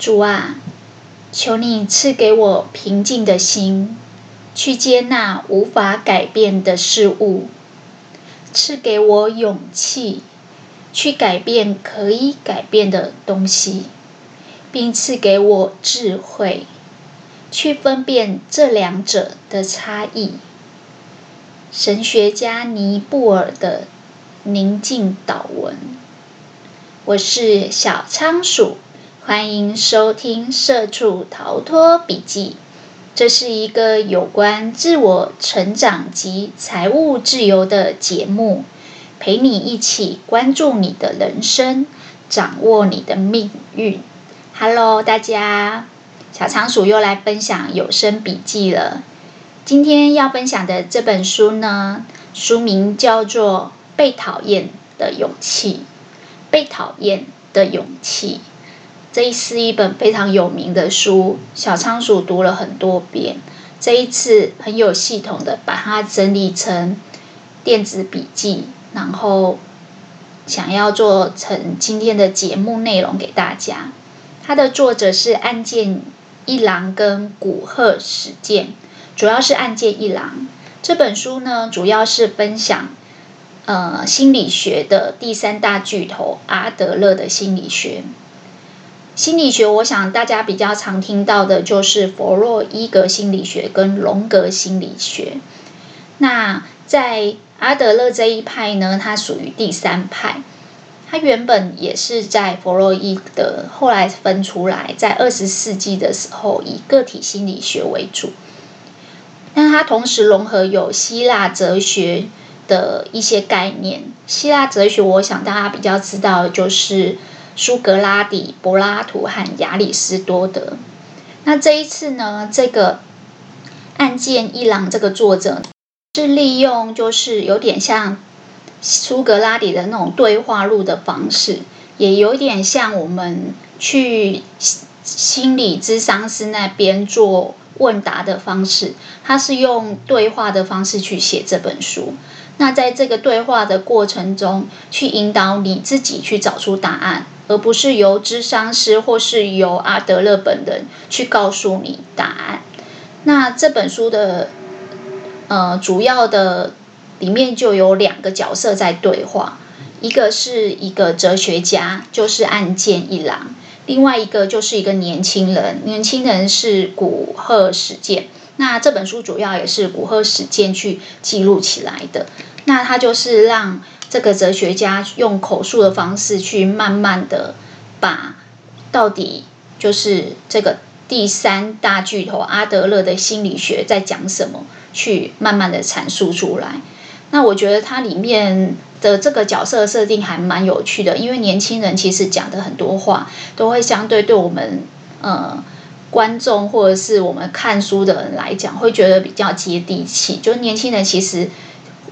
主啊，求你賜給我平靜的心，去接納無法改變的事物；賜給我勇氣，去改變可以改變的東西，並賜給我智慧，去分辨這兩者的差異。神學家尼布爾的寧靜禱文。我是小倉鼠。歡迎收聽《社畜逃脫筆記》，這是一個有關自我成長及財務自由的節目，陪你一起關注你的人生，掌握你的命運。Hello，大家！小倉鼠又來分享有聲筆記了。今天要分享的這本書呢，書名叫做《被討厭的勇氣》。被討厭的勇氣。這是一,一本非常有名的書，小倉鼠讀了很多遍。這一次很有系統的把它整理成電子筆記，然後想要做成今天的節目內容給大家。它的作者是岸見一郎跟古賀史健，主要是岸見一郎。這本書呢，主要是分享呃心理學的第三大巨頭阿德勒的心理學。心理學，我想大家比較常聽到的就是弗洛伊德心理學跟榮格心理學。那在阿德勒這一派呢，它屬於第三派。它原本也是在弗洛伊德後來分出來，在二十世紀的時候以個體心理學為主。那它同時融合有希臘哲學的一些概念。希臘哲學，我想大家比較知道的就是。蘇格拉底、柏拉圖和亞里士多德。那這一次呢，這個岸見一郎這個作者是利用，就是有點像蘇格拉底的那種對話錄的方式，也有點像我們去心理諮商師那邊做問答的方式。他是用對話的方式去寫這本書。那在這個對話的過程中，去引導你自己去找出答案。而不是由諮商師或是由阿德勒本人去告訴你答案。那這本書的呃主要的裡面就有兩個角色在對話，一個是一個哲學家，就是岸見一郎；另外一個就是一個年輕人，年輕人是古賀史健。那這本書主要也是古賀史健去記錄起來的。那他就是讓。這個哲學家用口述的方式去慢慢的把到底就是這個第三大巨頭阿德勒的心理學在講什麼，去慢慢的闡述出來。那我覺得它裡面的這個角色設定還蠻有趣的，因為年輕人其實講的很多話都會相對對我們呃觀眾或者是我們看書的人來講會覺得比較接地氣，就是年輕人其實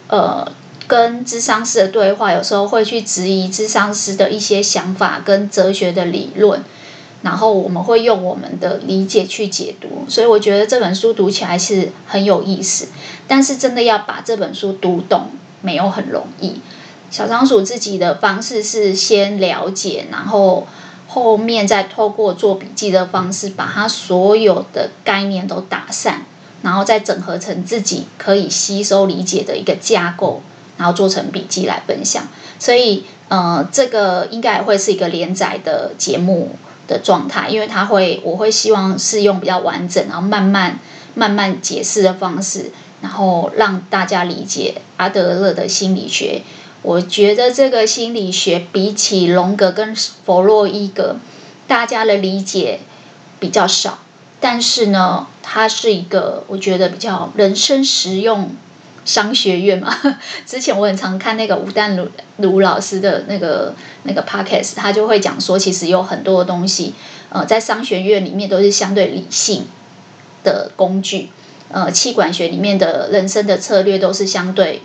呃。跟諮商師的對話，有時候會去質疑諮商師的一些想法跟哲學的理論，然後我們會用我們的理解去解讀，所以我覺得這本書讀起來是很有意思，但是真的要把這本書讀懂沒有很容易。小倉鼠自己的方式是先了解，然後後面再透過做筆記的方式，把它所有的概念都打散，然後再整合成自己可以吸收理解的一個架構。然後做成筆記來分享，所以，呃，這個應該也會是一個連載的節目的狀態，因為它會，我會希望是用比較完整，然後慢慢慢慢解釋的方式，然後讓大家理解阿德勒的心理學。我覺得這個心理學比起榮格跟弗洛伊格，大家的理解比較少，但是呢，它是一個我覺得比較人生實用。商學院嘛，之前我很常看那個吳淡如如老師的那個那個 podcast，他就會講說，其實有很多的東西，呃，在商學院裡面都是相對理性的工具，呃，企管學裡面的人生的策略都是相對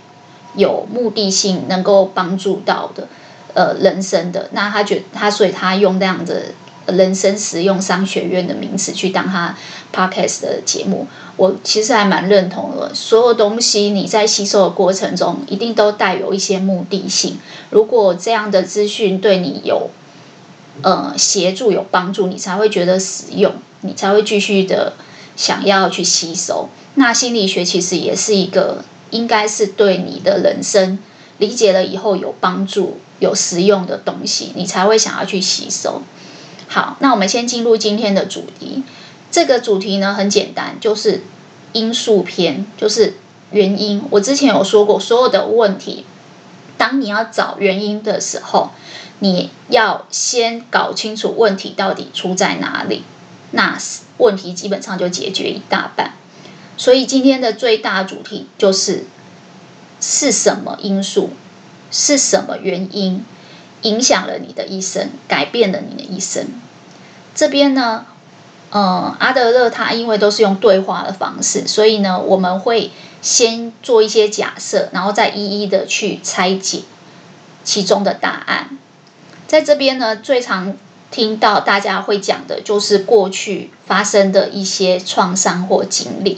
有目的性，能夠幫助到的，呃，人生的。那他覺得他所以他用那樣的。人生實用商學院的名詞去當他 podcast 的節目，我其實還蠻認同的。所有東西你在吸收的過程中，一定都帶有一些目的性。如果這樣的資訊對你有呃協助、有幫助，你才會覺得實用，你才會繼續的想要去吸收。那心理學其實也是一個，應該是對你的人生理解了以後有幫助、有實用的東西，你才會想要去吸收。好，那我們先進入今天的主題。這個主題呢，很簡單，就是因素篇，就是原因。我之前有說過，所有的問題，當你要找原因的時候，你要先搞清楚問題到底出在哪裡，那問題基本上就解決一大半。所以今天的最大主題就是是什麼因素，是什麼原因影響了你的一生，改變了你的一生。這邊呢，呃、嗯，阿德勒他因為都是用對話的方式，所以呢，我們會先做一些假設，然後再一一的去拆解其中的答案。在這邊呢，最常聽到大家會講的就是過去發生的一些創傷或經歷。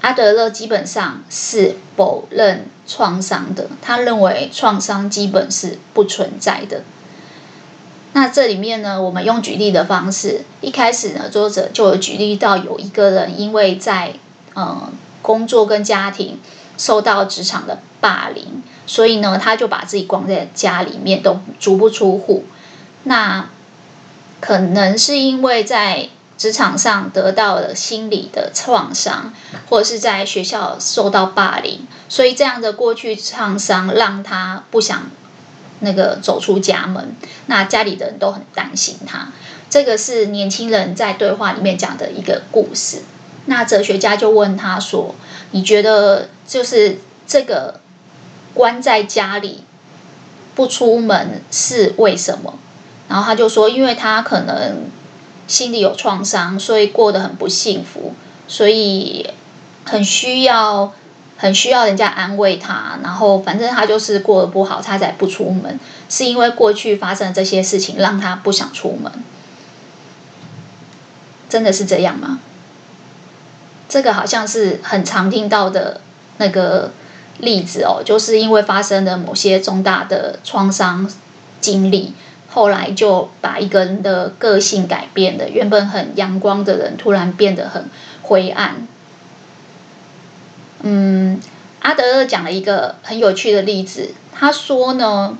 阿德勒基本上是否認創傷的，他認為創傷基本是不存在的。那這裡面呢，我們用舉例的方式，一開始呢，作者就有舉例到有一個人，因為在嗯、呃、工作跟家庭受到職場的霸凌，所以呢，他就把自己關在家裡面，都足不出戶。那可能是因為在職場上得到了心理的創傷，或者是在學校受到霸凌，所以這樣的過去創傷讓他不想。那個走出家門，那家裡的人都很擔心他。這個是年輕人在對話裡面講的一個故事。那哲學家就問他說：“你覺得就是這個關在家裡不出門是為什麼？”然後他就說：“因為他可能心裡有創傷，所以過得很不幸福，所以很需要。”很需要人家安慰他，然後反正他就是過得不好，他才不出門，是因為過去發生這些事情讓他不想出門。真的是這樣嗎？這個好像是很常聽到的那個例子哦，就是因為發生了某些重大的創傷經歷，後來就把一個人的個性改變的，原本很陽光的人突然變得很灰暗。嗯，阿德勒講了一個很有趣的例子。他說呢，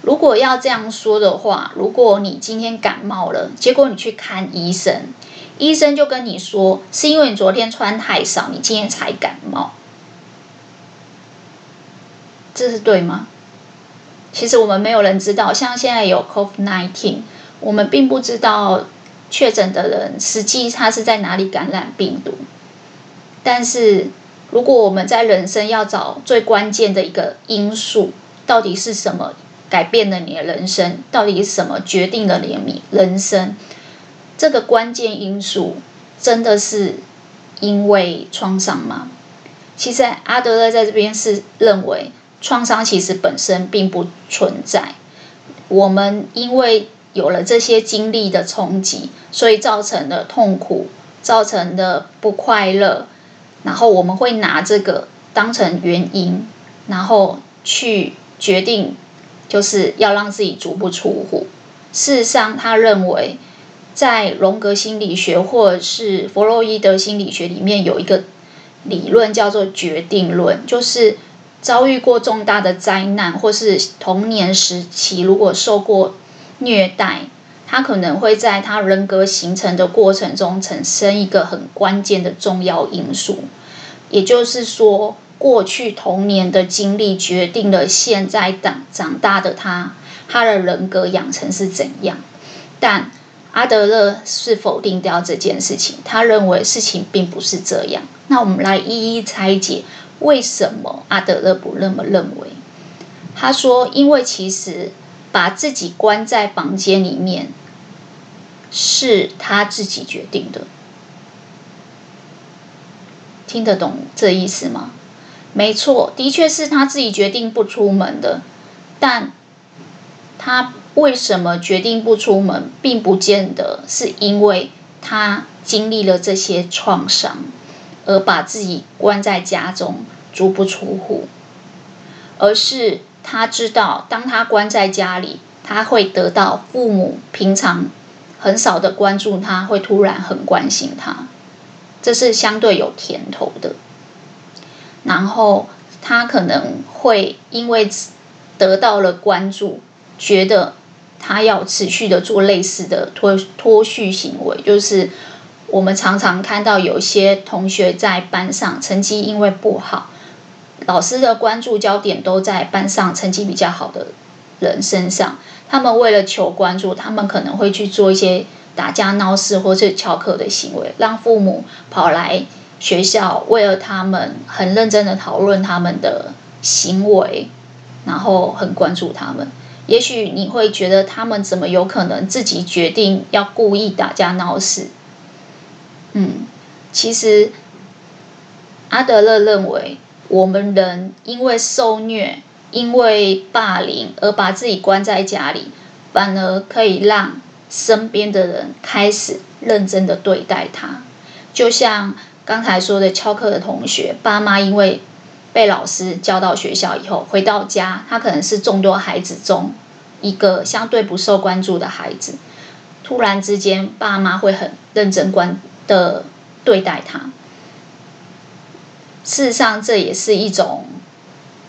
如果要這樣說的話，如果你今天感冒了，結果你去看醫生，醫生就跟你說是因為你昨天穿太少，你今天才感冒。這是對嗎？其實我們沒有人知道，像現在有 COVID-19，我們並不知道確診的人實際他是在哪裡感染病毒。但是，如果我們在人生要找最關鍵的一個因素，到底是什麼改變了你的人生？到底是什麼決定了你的人生？這個關鍵因素真的是因為創傷嗎？其實阿德勒在這邊是認為，創傷其實本身並不存在，我們因為有了這些經歷的衝擊，所以造成的痛苦，造成的不快樂。然後我們會拿這個當成原因，然後去決定，就是要讓自己足不出戶。事實上，他認為在榮格心理學或是弗洛伊德心理學裡面有一個理論叫做決定論，就是遭遇過重大的災難，或是童年時期如果受過虐待。他可能會在他人格形成的過程中產生一個很關鍵的重要因素，也就是說，過去童年的經歷決定了現在長大的他，他的人格養成是怎樣。但阿德勒是否定掉這件事情，他認為事情並不是這樣。那我們來一一拆解，為什麼阿德勒不那麼認為？他說，因為其實。把自己關在房間裡面，是他自己決定的。聽得懂這意思嗎？沒錯，的確是他自己決定不出門的。但，他為什麼決定不出門，並不見得是因為他經歷了這些創傷而把自己關在家中足不出戶，而是……他知道，當他關在家裡，他會得到父母平常很少的關注，他會突然很關心他，這是相對有甜頭的。然後他可能會因為得到了關注，覺得他要持續的做類似的脫脫序行為，就是我們常常看到有些同學在班上成績因為不好。老師的關注焦點都在班上成績比較好的人身上。他們為了求關注，他們可能會去做一些打架鬧事或是翹課的行為，讓父母跑來學校，為了他們很認真的討論他們的行為，然後很關注他們。也許你會覺得他們怎麼有可能自己決定要故意打架鬧事？嗯，其實阿德勒認為。我們人因為受虐、因為霸凌而把自己關在家裡，反而可以讓身邊的人開始認真的對待他。就像剛才說的，翹課的同學，爸媽因為被老師叫到學校以後，回到家，他可能是眾多孩子中一個相對不受關注的孩子，突然之間，爸媽會很認真關的對待他。事實上，這也是一種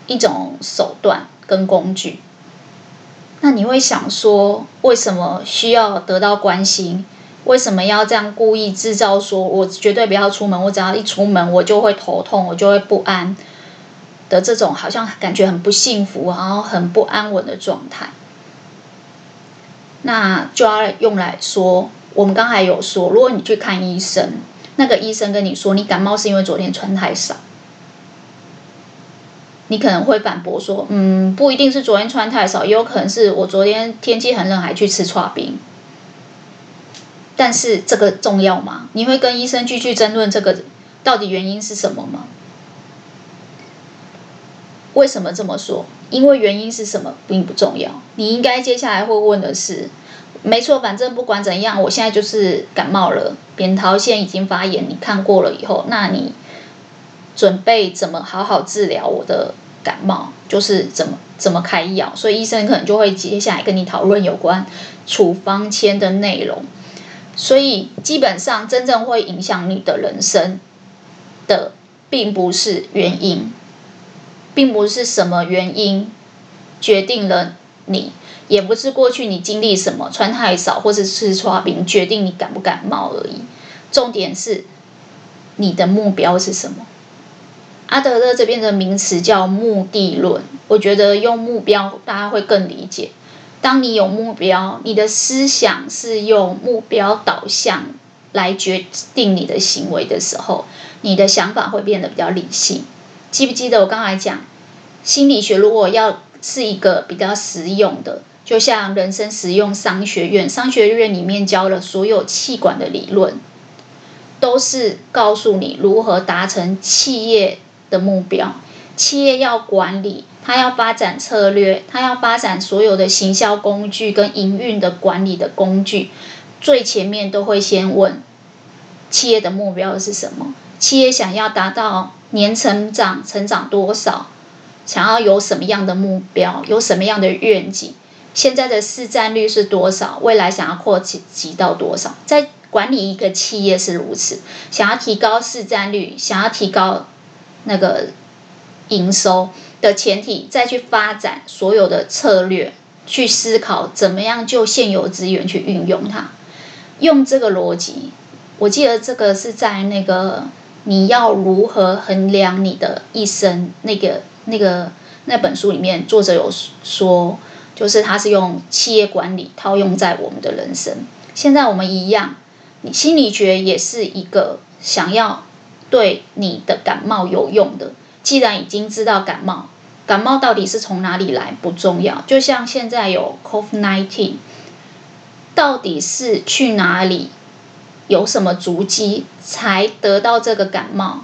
一種手段跟工具。那你會想說，為什麼需要得到關心？為什麼要這樣故意制造，說我絕對不要出門，我只要一出門，我就會頭痛，我就會不安的這種好像感覺很不幸福，然後很不安穩的狀態。那就要用來說，我們剛才有說，如果你去看醫生。那個醫生跟你說，你感冒是因為昨天穿太少。你可能會反駁說，嗯，不一定是昨天穿太少，也有可能是我昨天天氣很冷還去吃刨冰。但是這個重要嗎？你會跟醫生繼續爭論這個到底原因是什麼嗎？為什麼這麼說？因為原因是什麼並不重要，你應該接下來會問的是。沒錯，反正不管怎樣，我現在就是感冒了，扁桃腺已經發炎。你看過了以後，那你準備怎麼好好治療我的感冒？就是怎麼怎麼開藥，所以醫生可能就會接下來跟你討論有關處方箋的內容。所以基本上，真正會影響你的人生的，並不是原因，並不是什麼原因決定了。你也不是過去你經歷什麼穿太少或者吃剉冰決定你感不感冒而已，重點是你的目標是什麼？阿德勒這邊的名詞叫目的論，我覺得用目標大家會更理解。當你有目標，你的思想是用目標導向來決定你的行為的時候，你的想法會變得比較理性。記不記得我剛才講心理學如果要？是一個比較實用的，就像人生實用商學院，商學院裡面教了所有企管的理論，都是告訴你如何達成企業的目標。企業要管理，它要發展策略，它要發展所有的行銷工具跟營運的管理的工具，最前面都會先問企業的目標是什麼？企業想要達到年成長，成長多少？想要有什麼樣的目標，有什麼樣的願景？現在的市佔率是多少？未來想要擴及到多少？在管理一個企業是如此，想要提高市佔率，想要提高那個營收的前提，再去發展所有的策略，去思考怎麼樣就現有資源去運用它。用這個邏輯，我記得這個是在那個你要如何衡量你的一生那個。那個那本書裡面，作者有說，就是他是用企業管理套用在我們的人生。現在我們一樣，你心理學也是一個想要對你的感冒有用的。既然已經知道感冒，感冒到底是從哪裡來不重要。就像現在有 COVID-19，到底是去哪裡有什麼足跡才得到這個感冒？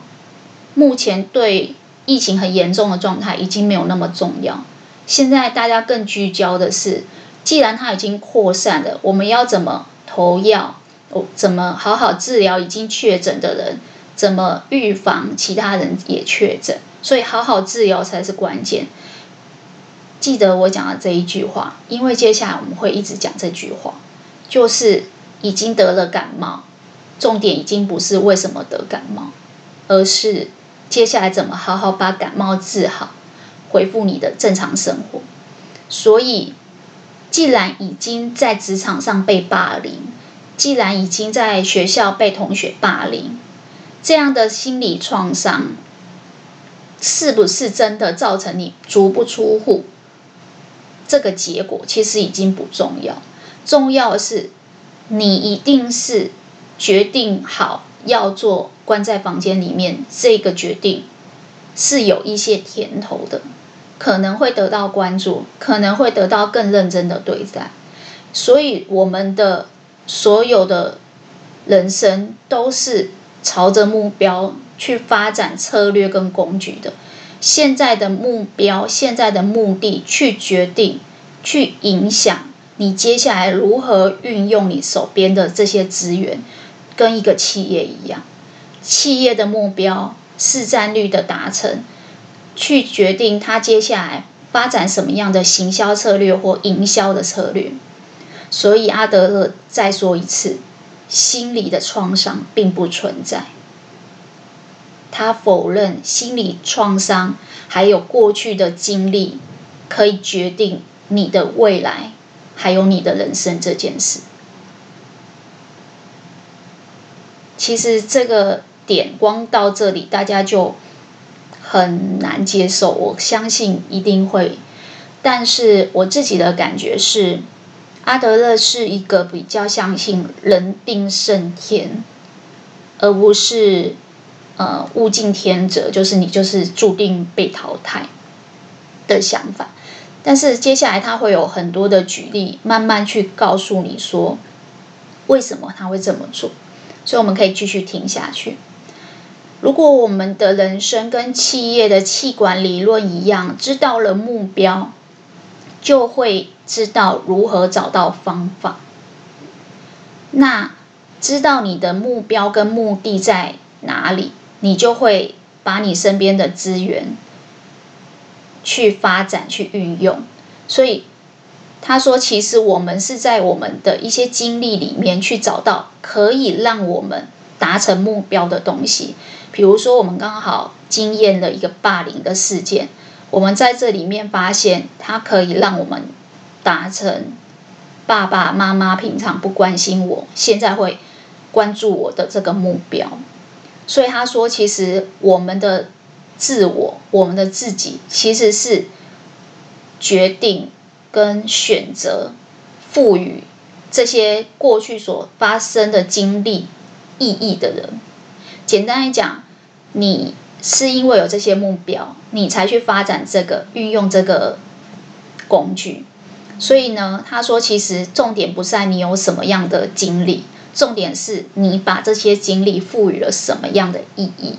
目前對。疫情很嚴重的狀態已經沒有那麼重要，現在大家更聚焦的是，既然它已經擴散了，我們要怎麼投藥？哦，怎麼好好治療已經確診的人？怎麼預防其他人也確診？所以好好治療才是關鍵。記得我講的這一句話，因為接下來我們會一直講這句話，就是已經得了感冒，重點已經不是為什麼得感冒，而是。接下來怎麼好好把感冒治好，恢復你的正常生活？所以，既然已經在職場上被霸凌，既然已經在學校被同學霸凌，這樣的心理創傷，是不是真的造成你足不出戶？這個結果其實已經不重要，重要的是，你一定是決定好。要做關在房間裡面這個決定，是有一些甜頭的，可能會得到關注，可能會得到更認真的對待。所以我們的所有的人生都是朝着目標去發展策略跟工具的。現在的目標，現在的目的，去決定，去影響你接下來如何運用你手邊的這些資源。跟一個企業一樣，企業的目標、市佔率的達成，去決定他接下來發展什麼樣的行銷策略或營銷的策略。所以阿德勒再說一次，心理的創傷並不存在。他否認心理創傷還有過去的經歷可以決定你的未來，還有你的人生這件事。其實這個點光到這裡，大家就很難接受。我相信一定會，但是我自己的感覺是，阿德勒是一個比較相信人定勝天，而不是，呃，物競天擇，就是你就是注定被淘汰的想法。但是接下來他會有很多的舉例，慢慢去告訴你說，為什麼他會這麼做？所以我們可以繼續聽下去。如果我們的人生跟企業的企管理論一樣，知道了目標，就會知道如何找到方法。那知道你的目標跟目的在哪裡，你就會把你身邊的資源去發展、去運用。所以。他說：“其實我們是在我們的一些經歷裡面去找到可以讓我們達成目標的東西。比如說，我們剛好經驗了一個霸凌的事件，我們在這裡面發現它可以讓我們達成爸爸媽媽平常不關心我現在會關注我的這個目標。所以他說，其實我們的自我、我們的自己，其實是決定。”跟選擇賦予這些過去所發生的經歷意義的人。簡單來講，你是因為有這些目標，你才去發展這個運用這個工具。所以呢，他說，其實重點不是在你有什麼樣的經歷，重點是你把這些經歷賦予了什麼樣的意義。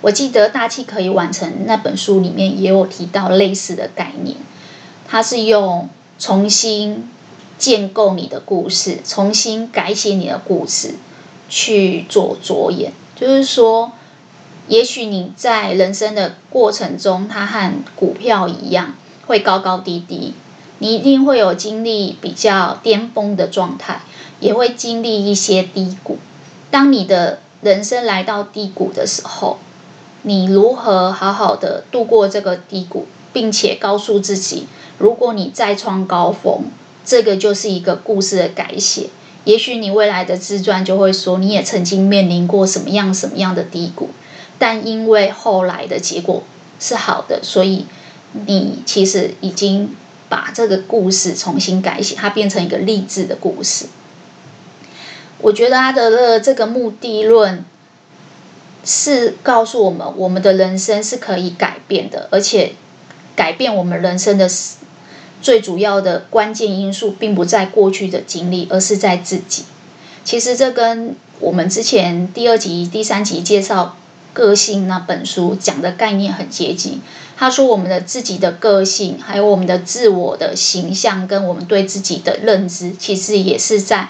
我記得《大器可以晚成》那本書裡面也有提到類似的概念。它是用重新建構你的故事，重新改寫你的故事去做着眼，就是說，也許你在人生的過程中，它和股票一樣會高高低低，你一定會有經歷比較巔峰的狀態，也會經歷一些低谷。當你的人生來到低谷的時候，你如何好好的度過這個低谷，並且告訴自己。如果你再創高峰，這個就是一個故事的改寫。也許你未來的自傳就會說，你也曾經面臨過什麼樣什麼樣的低谷，但因為後來的結果是好的，所以你其實已經把這個故事重新改寫，它變成一個勵志的故事。我覺得阿德勒這個目的論是告訴我們，我們的人生是可以改變的，而且改變我們人生的。最主要的關鍵因素並不在過去的經歷，而是在自己。其實這跟我們之前第二集、第三集介紹個性那本書講的概念很接近。他說，我們的自己的個性，還有我們的自我的形象，跟我們對自己的認知，其實也是在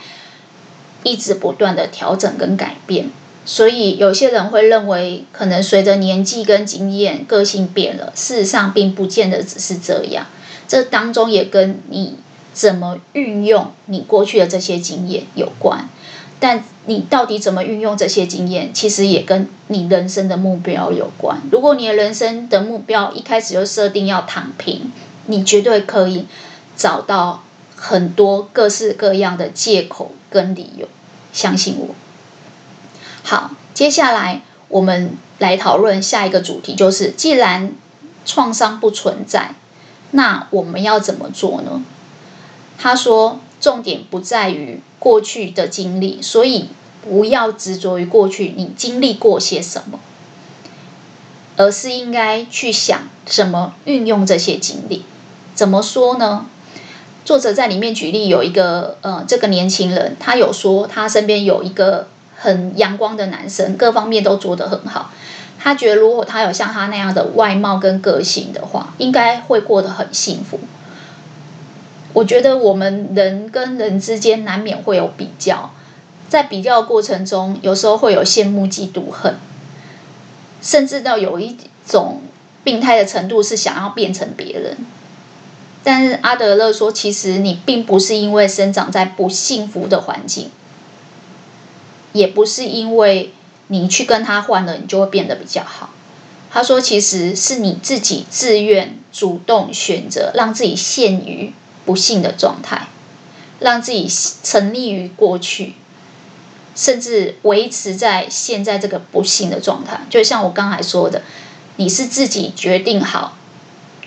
一直不斷的調整跟改變。所以有些人會認為，可能隨着年紀跟經驗，個性變了。事實上，並不見得只是這樣。這當中也跟你怎麼運用你過去的這些經驗有關，但你到底怎麼運用這些經驗，其實也跟你人生的目標有關。如果你的人生的目標一開始就設定要躺平，你絕對可以找到很多各式各樣的借口跟理由。相信我。好，接下來我們來討論下一個主題，就是既然創傷不存在，那我們要怎麼做呢？他說，重點不在於過去的經歷，所以不要執着於過去你經歷過些什麼，而是應該去想怎麼運用這些經歷。怎麼說呢？作者在裡面舉例有一個呃，這個年輕人，他有說他身邊有一個很陽光的男生，各方面都做得很好。他覺得，如果他有像他那樣的外貌跟個性的話，應該會過得很幸福。我覺得我們人跟人之間難免會有比較，在比較的過程中，有時候會有羨慕、嫉妒、恨，甚至到有一種病態的程度，是想要變成別人。但是阿德勒說，其實你並不是因為生長在不幸福的環境，也不是因為。你去跟他換了，你就會變得比較好。他說，其實是你自己自願、主動選擇，讓自己陷於不幸的狀態，讓自己沉溺於過去，甚至維持在現在這個不幸的狀態。就像我剛才說的，你是自己決定好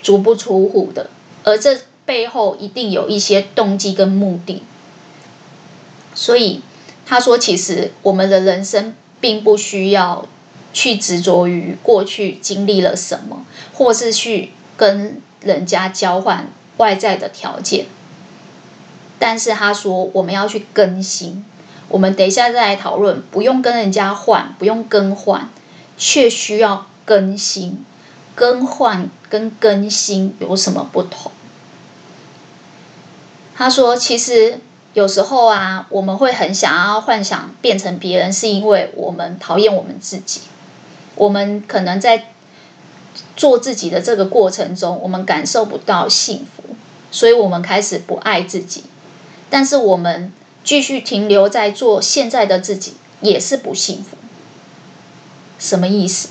足不出戶的，而這背後一定有一些動機跟目的。所以他說，其實我們的人生。並不需要去執着於過去經歷了什麼，或是去跟人家交換外在的條件。但是他說，我們要去更新。我們等一下再來討論，不用跟人家換，不用更換，卻需要更新。更換跟更新有什麼不同？他說，其實。有時候啊，我們會很想要幻想變成別人，是因為我們討厭我們自己。我們可能在做自己的這個過程中，我們感受不到幸福，所以我們開始不愛自己。但是我們繼續停留在做現在的自己，也是不幸福。什麼意思？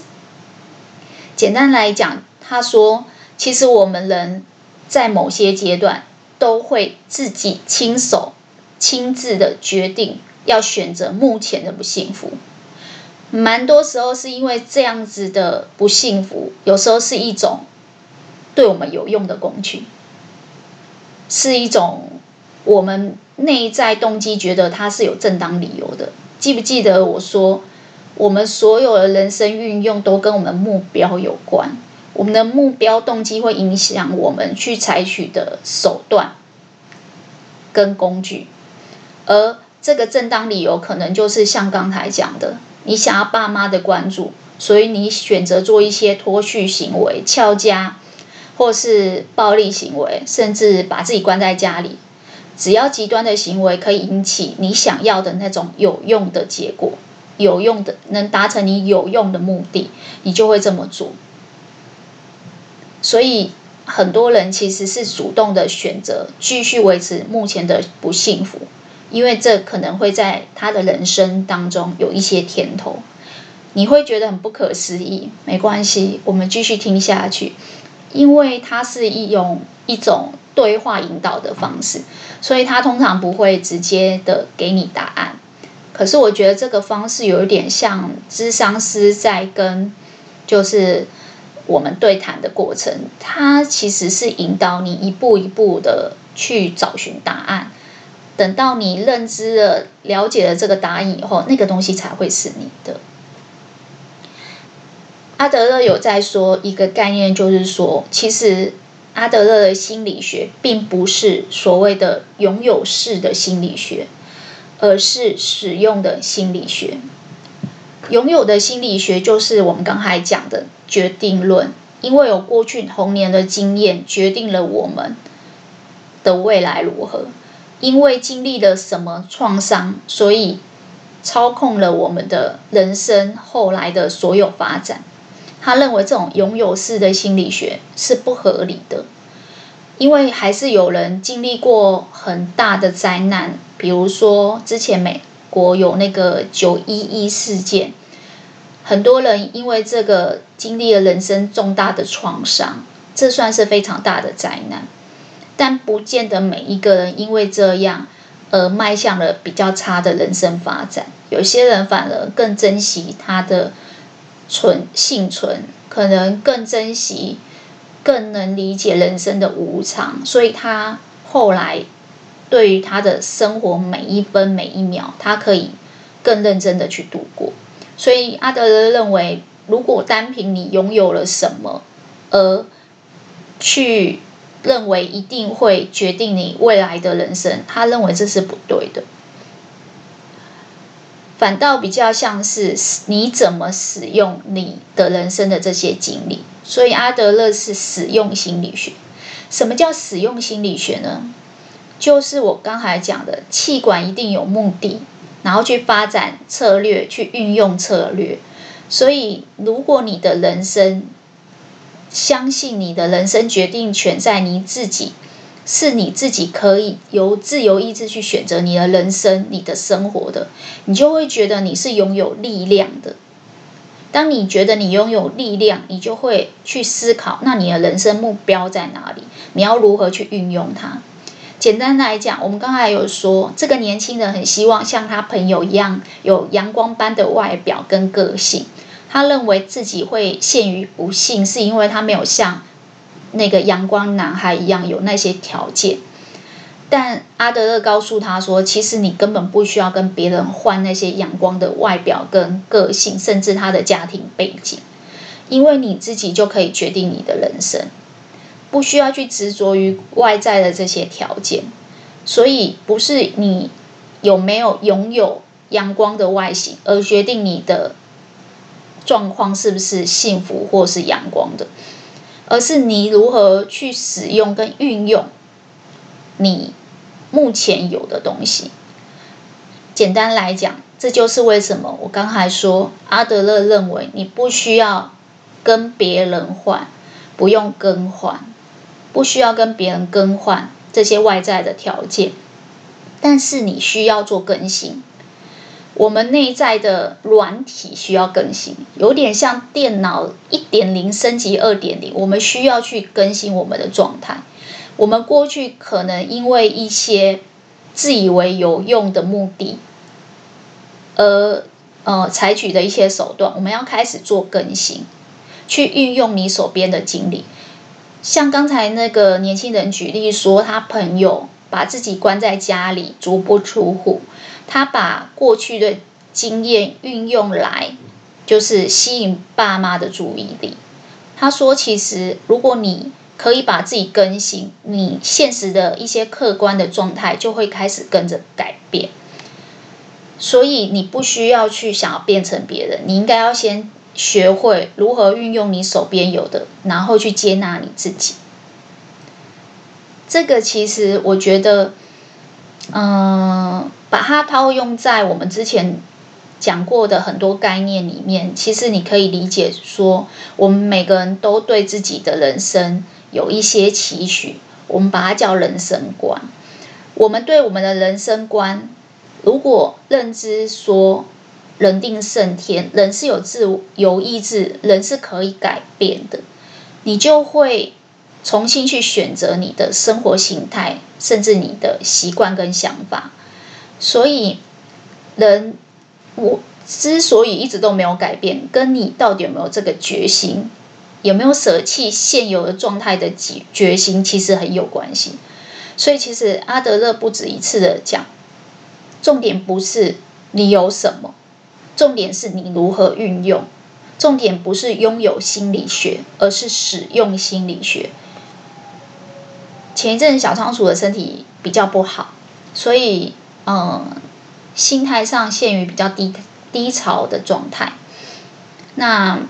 簡單來講，他說，其實我們人在某些階段都會自己親手，親自的決定要選擇目前的不幸福，蠻多時候是因為這樣子的不幸福，有時候是一種對我們有用的工具，是一種我們內在動機覺得它是有正當理由的。記不記得我說，我們所有的人生運用都跟我們目標有關，我們的目標動機會影響我們去採取的手段跟工具。而這個正當理由，可能就是像剛才講的，你想要爸媽的關注，所以你選擇做一些脫序行為、翹家，或是暴力行為，甚至把自己關在家裡。只要極端的行為可以引起你想要的那種有用的結果，有用的能達成你有用的目的，你就會這麼做。所以很多人其實是主動的選擇繼續維持目前的不幸福，因為這可能會在他的人生當中有一些甜頭，你會覺得很不可思議。沒關係，我們繼續聽下去，因為它是一用一種對話引導的方式，所以它通常不會直接的給你答案。可是我覺得這個方式有一點像諮商師在跟就是我們對談的過程，它其實是引導你一步一步的去找尋答案。等到你認知了、了解了這個答案以後，那個東西才會是你的。阿德勒有在說一個概念，就是說，其實阿德勒的心理學並不是所謂的擁有式的心理學，而是使用的心理學。擁有的心理學就是我們剛才講的決定論，因為有過去童年的經驗，決定了我們的未來如何。因為經歷了什麼創傷，所以操控了我們的人生後來的所有發展。他認為這種擁有式的心理學是不合理的，因為還是有人經歷過很大的災難，比如說之前美國有那個九一一事件，很多人因為這個經歷了人生重大的創傷，這算是非常大的災難。但不見得每一個人因為這樣而邁向了比較差的人生發展。有些人反而更珍惜他的存幸存，可能更珍惜，更能理解人生的無常，所以他後來對於他的生活每一分每一秒，他可以更認真的去度過。所以阿德勒認為，如果單憑你擁有了什麼而去。認為一定會決定你未來的人生，他認為這是不對的，反倒比較像是你怎麼使用你的人生的這些經歷。所以阿德勒是使用心理學。什麼叫使用心理學呢？就是我剛才講的，器官一定有目的，然後去發展策略，去運用策略。所以如果你的人生，相信你的人生決定權在你自己，是你自己可以由自由意志去選擇你的人生、你的生活的，你就會覺得你是擁有力量的。當你覺得你擁有力量，你就會去思考，那你的人生目標在哪裡？你要如何去運用它？簡單來講，我們剛才有說，這個年輕人很希望像他朋友一樣，有陽光般的外表跟個性。他認為自己會陷於不幸，是因為他沒有像那個陽光男孩一樣有那些條件。但阿德勒告訴他說，其實你根本不需要跟別人換那些陽光的外表跟個性，甚至他的家庭背景，因為你自己就可以決定你的人生，不需要去執着於外在的這些條件。所以，不是你有沒有擁有陽光的外形而決定你的。狀況是不是幸福或是陽光的，而是你如何去使用跟運用你目前有的東西。簡單來講，這就是為什麼我剛才說阿德勒認為你不需要跟別人換，不用更換，不需要跟別人更換這些外在的條件，但是你需要做更新。我們內在的軟體需要更新，有點像電腦一點零升級二點零，我們需要去更新我們的狀態。我們過去可能因為一些自以為有用的目的而，而呃採取的一些手段，我們要開始做更新，去運用你手邊的精力。像剛才那個年輕人舉例說，他朋友。把自己關在家裡，足不出戶。他把過去的經驗運用來，就是吸引爸媽的注意力。他說：“其實，如果你可以把自己更新，你現實的一些客觀的狀態就會開始跟着改變。所以，你不需要去想要變成別人，你應該要先學會如何運用你手邊有的，然後去接納你自己。”這個其實，我覺得，嗯、呃，把它套用在我們之前講過的很多概念裡面，其實你可以理解說，我們每個人都對自己的人生有一些期許，我們把它叫人生觀。我們對我們的人生觀，如果認知說“人定勝天”，人是有自由意志，人是可以改變的，你就會。重新去選擇你的生活形態，甚至你的習慣跟想法。所以，人，我之所以一直都沒有改變，跟你到底有沒有這個決心，有沒有捨棄現有的狀態的決決心，其實很有關係。所以，其實阿德勒不止一次的講，重點不是你有什麼，重點是你如何運用，重點不是擁有心理學，而是使用心理學。前一陣子小倉鼠的身體比較不好，所以嗯，心態上陷於比較低低潮的狀態。那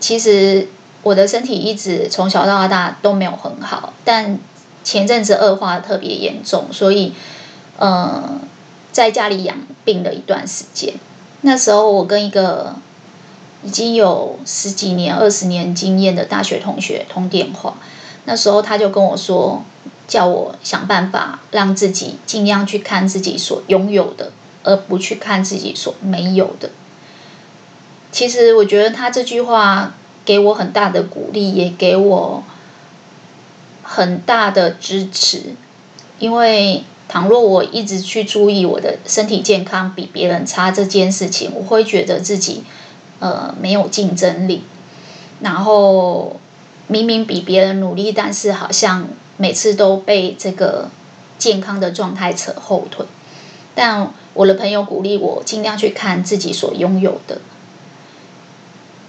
其實我的身體一直從小到大都沒有很好，但前陣子惡化特別嚴重，所以嗯，在家裡養病了一段時間。那時候我跟一個已經有十幾年、二十年經驗的大學同學通電話。那時候他就跟我說，叫我想辦法讓自己盡量去看自己所擁有的，而不去看自己所沒有的。其實我覺得他這句話給我很大的鼓勵，也給我很大的支持。因為倘若我一直去注意我的身體健康比別人差這件事情，我會覺得自己呃沒有競爭力，然後。明明比別人努力，但是好像每次都被這個健康的狀態扯後腿。但我的朋友鼓勵我盡量去看自己所擁有的，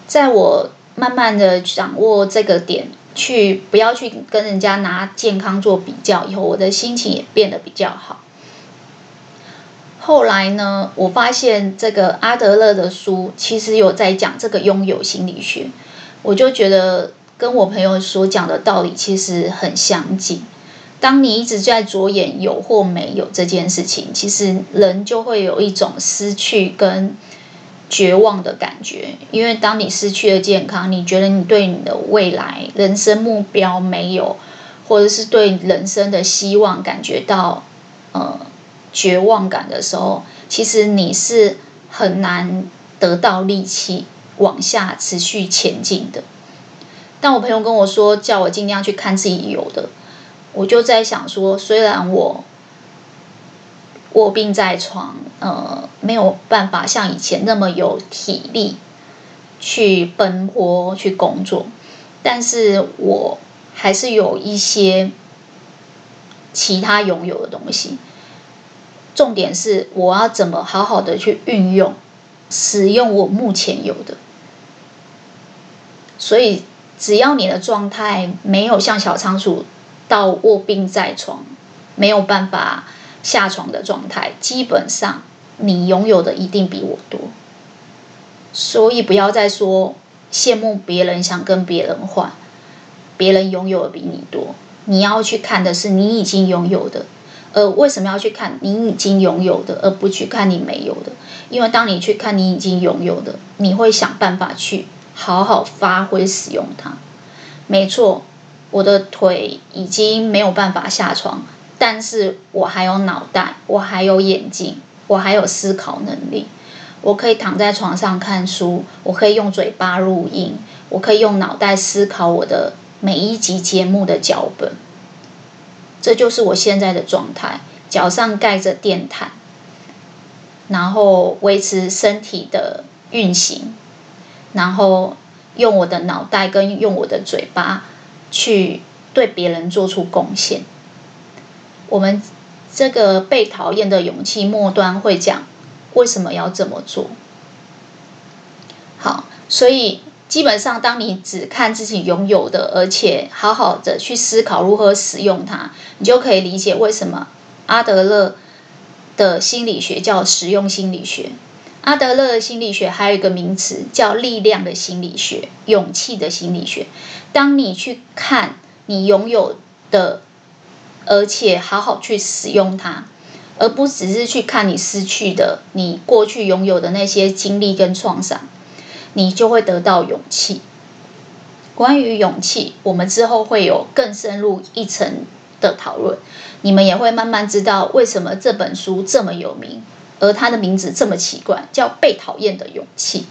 在我慢慢的掌握這個點，去不要去跟人家拿健康做比較以後，我的心情也變得比較好。後來呢，我發現這個阿德勒的書其實有在講這個擁有心理學，我就覺得。跟我朋友所講的道理其實很相近。當你一直在着眼有或沒有這件事情，其實人就會有一種失去跟絕望的感覺。因為當你失去了健康，你覺得你對你的未來、人生目標沒有，或者是對人生的希望感覺到呃絕望感的時候，其實你是很難得到力氣往下持續前進的。但我朋友跟我說，叫我盡量去看自己有的。我就在想說，雖然我臥病在床，呃，沒有辦法像以前那麼有體力去奔波去工作，但是我還是有一些其他擁有的東西。重點是，我要怎麼好好的去運用、使用我目前有的。所以。只要你的狀態沒有像小倉鼠到臥病在床、沒有辦法下床的狀態，基本上你擁有的一定比我多。所以不要再說羨慕別人、想跟別人換，別人擁有的比你多。你要去看的是你已經擁有的，而為什麼要去看你已經擁有的，而不去看你沒有的？因為當你去看你已經擁有的，你會想辦法去。好好發揮使用它，沒錯，我的腿已經沒有辦法下床，但是我還有腦袋，我還有眼睛，我還有思考能力，我可以躺在床上看書，我可以用嘴巴錄音，我可以用腦袋思考我的每一集節目的腳本，這就是我現在的狀態，腳上蓋着電毯，然後維持身體的運行。然後用我的腦袋跟用我的嘴巴去對別人做出貢獻。我們這個被討厭的勇氣末端會講為什麼要這麼做。好，所以基本上當你只看自己擁有的，而且好好的去思考如何使用它，你就可以理解為什麼阿德勒的心理學叫實用心理學。阿德勒的心理學還有一個名詞叫“力量的心理學”、“勇氣的心理學”。當你去看你擁有的，而且好好去使用它，而不只是去看你失去的、你過去擁有的那些經歷跟創傷，你就會得到勇氣。關於勇氣，我們之後會有更深入一層的討論，你們也會慢慢知道為什麼這本書這麼有名。而他的名字這麼奇怪，叫被討厭的勇氣。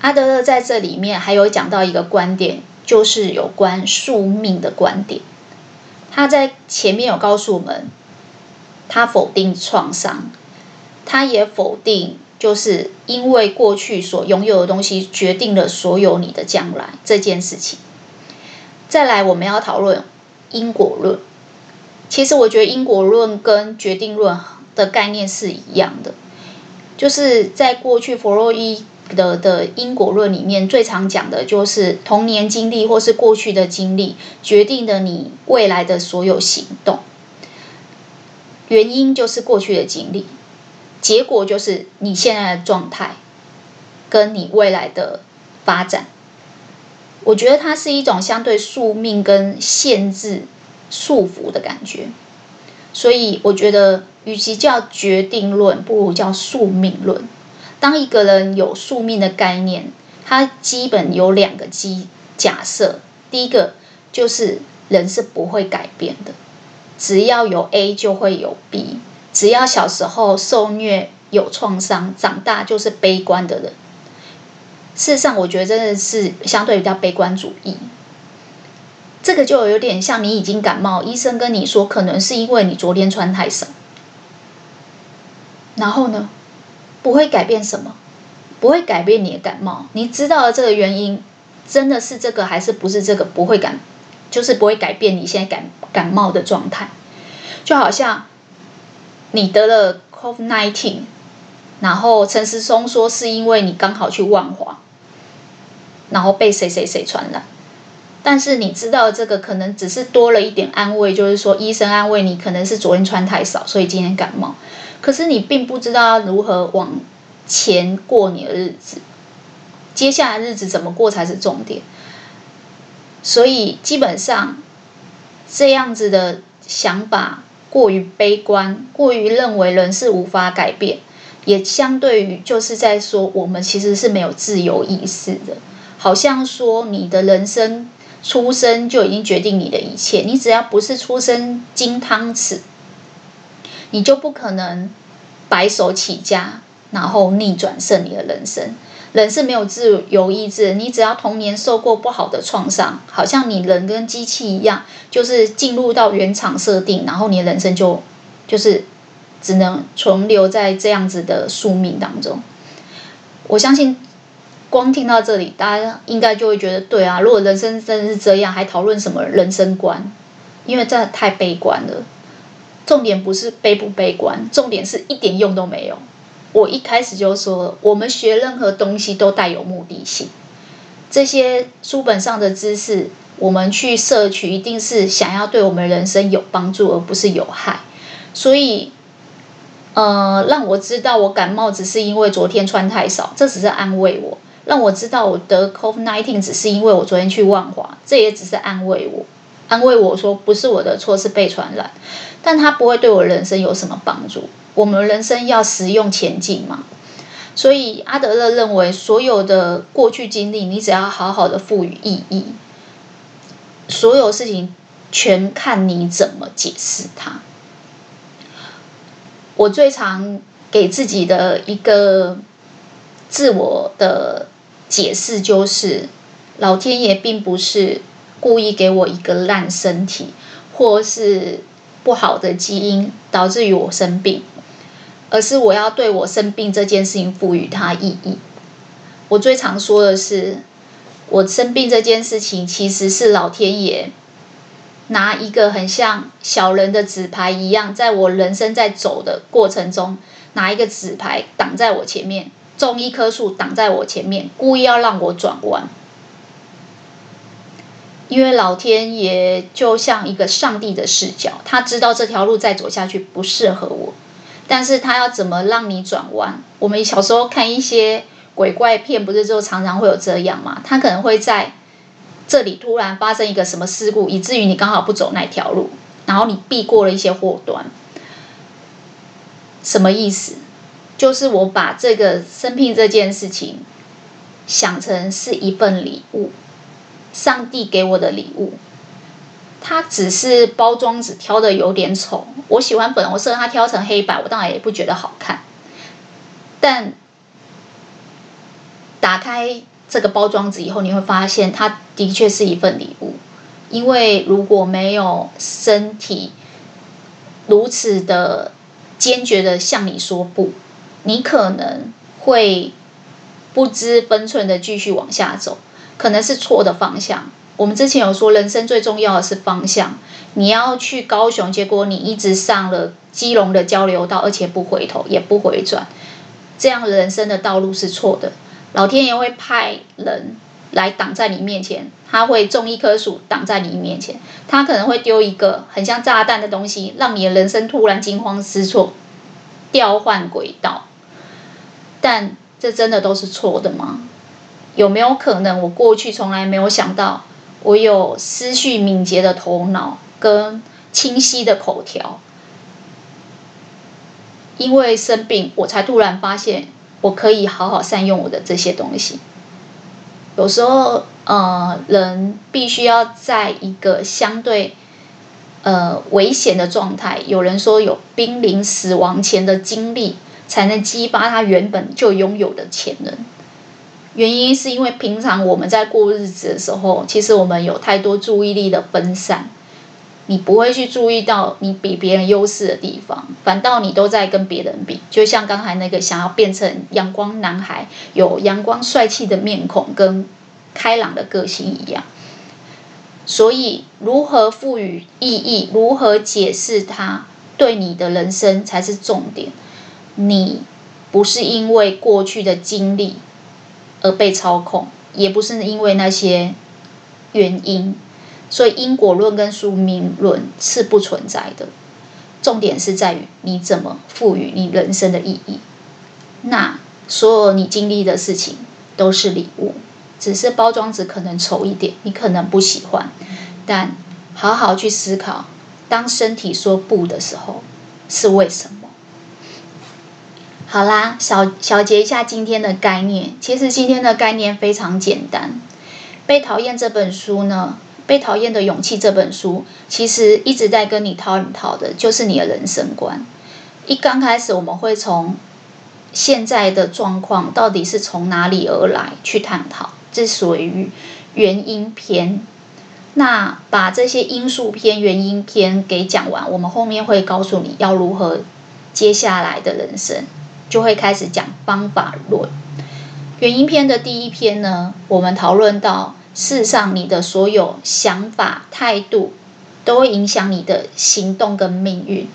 阿德勒在這裡面還有講到一個觀點，就是有關宿命的觀點。他在前面有告訴我們，他否定創傷，他也否定就是因為過去所擁有的東西決定了所有你的將來，這件事情。再來，我們要討論因果論。其實我覺得因果論跟決定論的概念是一樣的，就是在過去弗洛伊德的因果論裡面，最常講的就是童年經歷或是過去的經歷，決定了你未來的所有行動。原因就是過去的經歷，結果就是你現在的狀態，跟你未來的發展。我覺得它是一種相對宿命跟限制。束縛的感覺，所以我覺得，與其叫決定論，不如叫宿命論。當一個人有宿命的概念，他基本有兩個基假設：第一個就是人是不會改變的，只要有 A 就會有 B；只要小時候受虐有創傷，長大就是悲觀的人。事實上，我覺得真的是相對比較悲觀主義。這個就有點像你已經感冒，醫生跟你說可能是因為你昨天穿太少，然後呢，不會改變什麼，不會改變你的感冒。你知道了這個原因，真的是這個還是不是這個？不會改，就是不會改變你現在感感冒的狀態。就好像你得了 COVID-19，然後陳思松說是因為你剛好去萬華，然後被誰誰誰傳染。但是你知道這個可能只是多了一點安慰，就是說醫生安慰你可能是昨天穿太少，所以今天感冒。可是你並不知道要如何往前過你的日子，接下來日子怎麼過才是重點。所以基本上這樣子的想法過於悲觀，過於認為人是無法改變，也相對於就是在說我們其實是沒有自由意識的，好像說你的人生。出生就已經決定你的一切，你只要不是出生金湯匙，你就不可能白手起家，然後逆轉勝你的人生。人是沒有自由意志，你只要童年受過不好的創傷，好像你人跟機器一樣，就是進入到原廠設定，然後你的人生就，就是只能存留在這樣子的宿命當中。我相信。光聽到這裡，大家應該就會覺得對啊，如果人生真是這樣，還討論什麼人生觀？因為這太悲觀了。重點不是悲不悲觀，重點是一點用都沒有。我一開始就說，我們學任何東西都帶有目的性。這些書本上的知識，我們去攝取，一定是想要對我們人生有幫助，而不是有害。所以，呃，讓我知道我感冒只是因為昨天穿太少，這只是安慰我。讓我知道我得 COVID-19 只是因為我昨天去萬華，這也只是安慰我，安慰我說不是我的錯，是被傳染。但他不會對我人生有什麼幫助。我們人生要實用前進嘛。所以阿德勒認為，所有的過去經歷，你只要好好的賦予意義，所有事情全看你怎麼解釋它。我最常給自己的一個自我的。解釋就是，老天爺並不是故意給我一個爛身體，或是不好的基因導致於我生病，而是我要對我生病這件事情賦予它意義。我最常說的是，我生病這件事情其實是老天爺拿一個很像小人的紙牌一樣，在我人生在走的過程中，拿一個紙牌擋在我前面。種一棵樹擋在我前面，故意要讓我轉彎。因為老天爺就像一個上帝的視角，他知道這條路再走下去不適合我，但是他要怎麼讓你轉彎？我們小時候看一些鬼怪片，不是就常常會有這樣嗎？他可能會在這裡突然發生一個什麼事故，以至於你剛好不走那條路，然後你避過了一些禍端。什麼意思？就是我把這個生病這件事情，想成是一份禮物，上帝給我的禮物。它只是包裝紙挑的有點醜，我喜歡粉紅色，它挑成黑白，我當然也不覺得好看。但打開這個包裝紙以後，你會發現它的確是一份禮物，因為如果沒有身體如此的堅決的向你說不。你可能會不知分寸的繼續往下走，可能是錯的方向。我們之前有說，人生最重要的是方向。你要去高雄，結果你一直上了基隆的交流道，而且不回頭也不回轉，這樣人生的道路是錯的。老天爺會派人來擋在你面前，他會種一棵樹擋在你面前，他可能會丟一個很像炸彈的東西，讓你的人生突然驚慌失措，調換軌道。但這真的都是錯的嗎？有沒有可能我過去從來沒有想到，我有思緒敏捷的頭腦跟清晰的口條，因為生病，我才突然發現我可以好好善用我的這些東西。有時候，呃，人必須要在一個相對呃危險的狀態，有人說有瀕臨死亡前的經歷。才能激發他原本就擁有的潛能。原因是因為平常我們在過日子的時候，其實我們有太多注意力的分散，你不會去注意到你比別人優勢的地方，反倒你都在跟別人比。就像剛才那個想要變成陽光男孩，有陽光帥氣的面孔跟開朗的個性一樣。所以，如何賦予意義，如何解釋他對你的人生，才是重點。你不是因為過去的經歷而被操控，也不是因為那些原因，所以因果論跟宿命論是不存在的。重點是在於你怎麼賦予你人生的意義。那所有你經歷的事情都是禮物，只是包裝紙可能醜一點，你可能不喜歡。但好好去思考，當身體說不的時候，是為什麼？好啦，小小結一下今天的概念。其實今天的概念非常簡單，《被討厭》這本書呢，《被討厭的勇氣》這本書，其實一直在跟你討論討的就是你的人生觀。一剛開始，我們會從現在的狀況到底是從哪裡而來去探討，這屬於原因篇。那把這些因素篇、原因篇給講完，我們後面會告訴你要如何接下來的人生。就會開始講方法論。原因篇的第一篇呢，我們討論到世上你的所有想法態度，都會影響你的行動跟命運。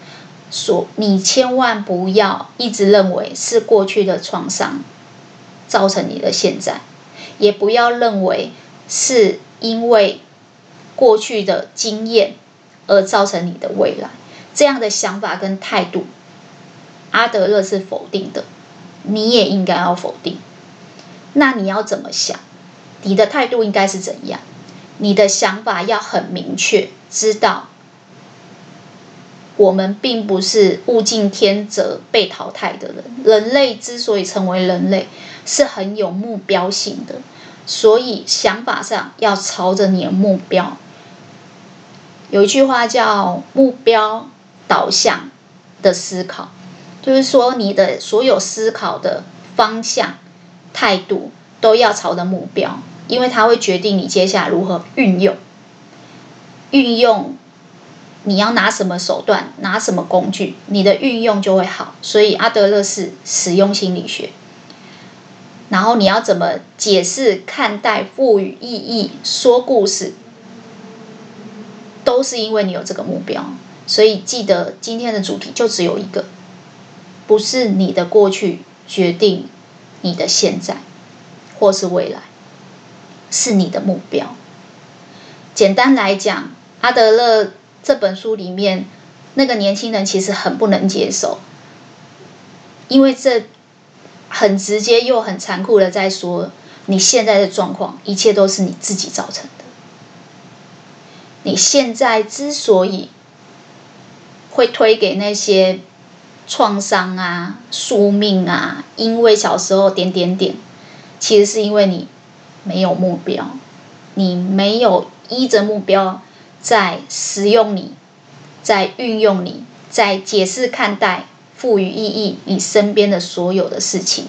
所以，你千萬不要一直認為是過去的創傷造成你的現在，也不要認為是因為過去的經驗而造成你的未來。這樣的想法跟態度。阿德勒是否定的，你也應該要否定。那你要怎麼想？你的態度應該是怎樣？你的想法要很明確，知道我們並不是物競天擇被淘汰的人。人類之所以成為人類，是很有目標性的，所以想法上要朝着你的目標。有一句話叫“目標導向”的思考。就是說，你的所有思考的方向、態度都要朝着目標，因為它會決定你接下來如何運用、運用你要拿什麼手段、拿什麼工具，你的運用就會好。所以阿德勒是使用心理學，然後你要怎麼解釋、看待、賦予意義、說故事，都是因為你有這個目標。所以記得今天的主題就只有一個。不是你的過去決定你的現在或是未來，是你的目標。簡單來講，阿德勒這本書裡面，那個年輕人其實很不能接受，因為這很直接又很殘酷的在說你現在的狀況，一切都是你自己造成的。你現在之所以會推給那些……創傷啊，宿命啊，因為小時候點點點，其實是因為你沒有目標，你沒有依着目標在使用你，在運用你，在解釋看待、賦予意義你身邊的所有的事情，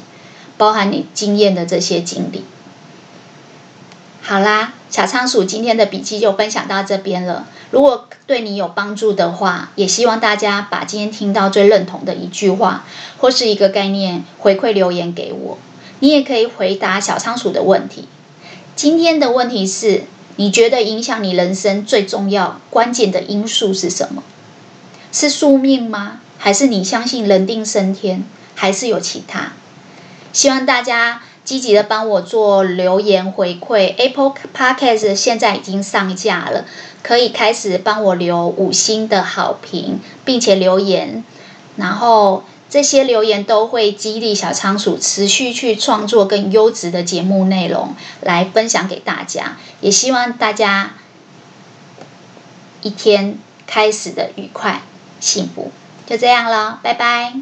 包含你經驗的這些經歷。好啦，小倉鼠今天的筆記就分享到這邊了。如果對你有幫助的話，也希望大家把今天聽到最認同的一句話或是一個概念回饋留言給我。你也可以回答小倉鼠的問題。今天的問題是：你覺得影響你人生最重要關鍵的因素是什麼？是宿命嗎？還是你相信人定勝天？還是有其他？希望大家。積極的幫我做留言回饋，Apple Podcast 現在已經上架了，可以開始幫我留五星的好評，並且留言。然後這些留言都會激勵小倉鼠持續去創作更優質的節目內容來分享給大家。也希望大家一天開始的愉快、幸福。就這樣了，拜拜。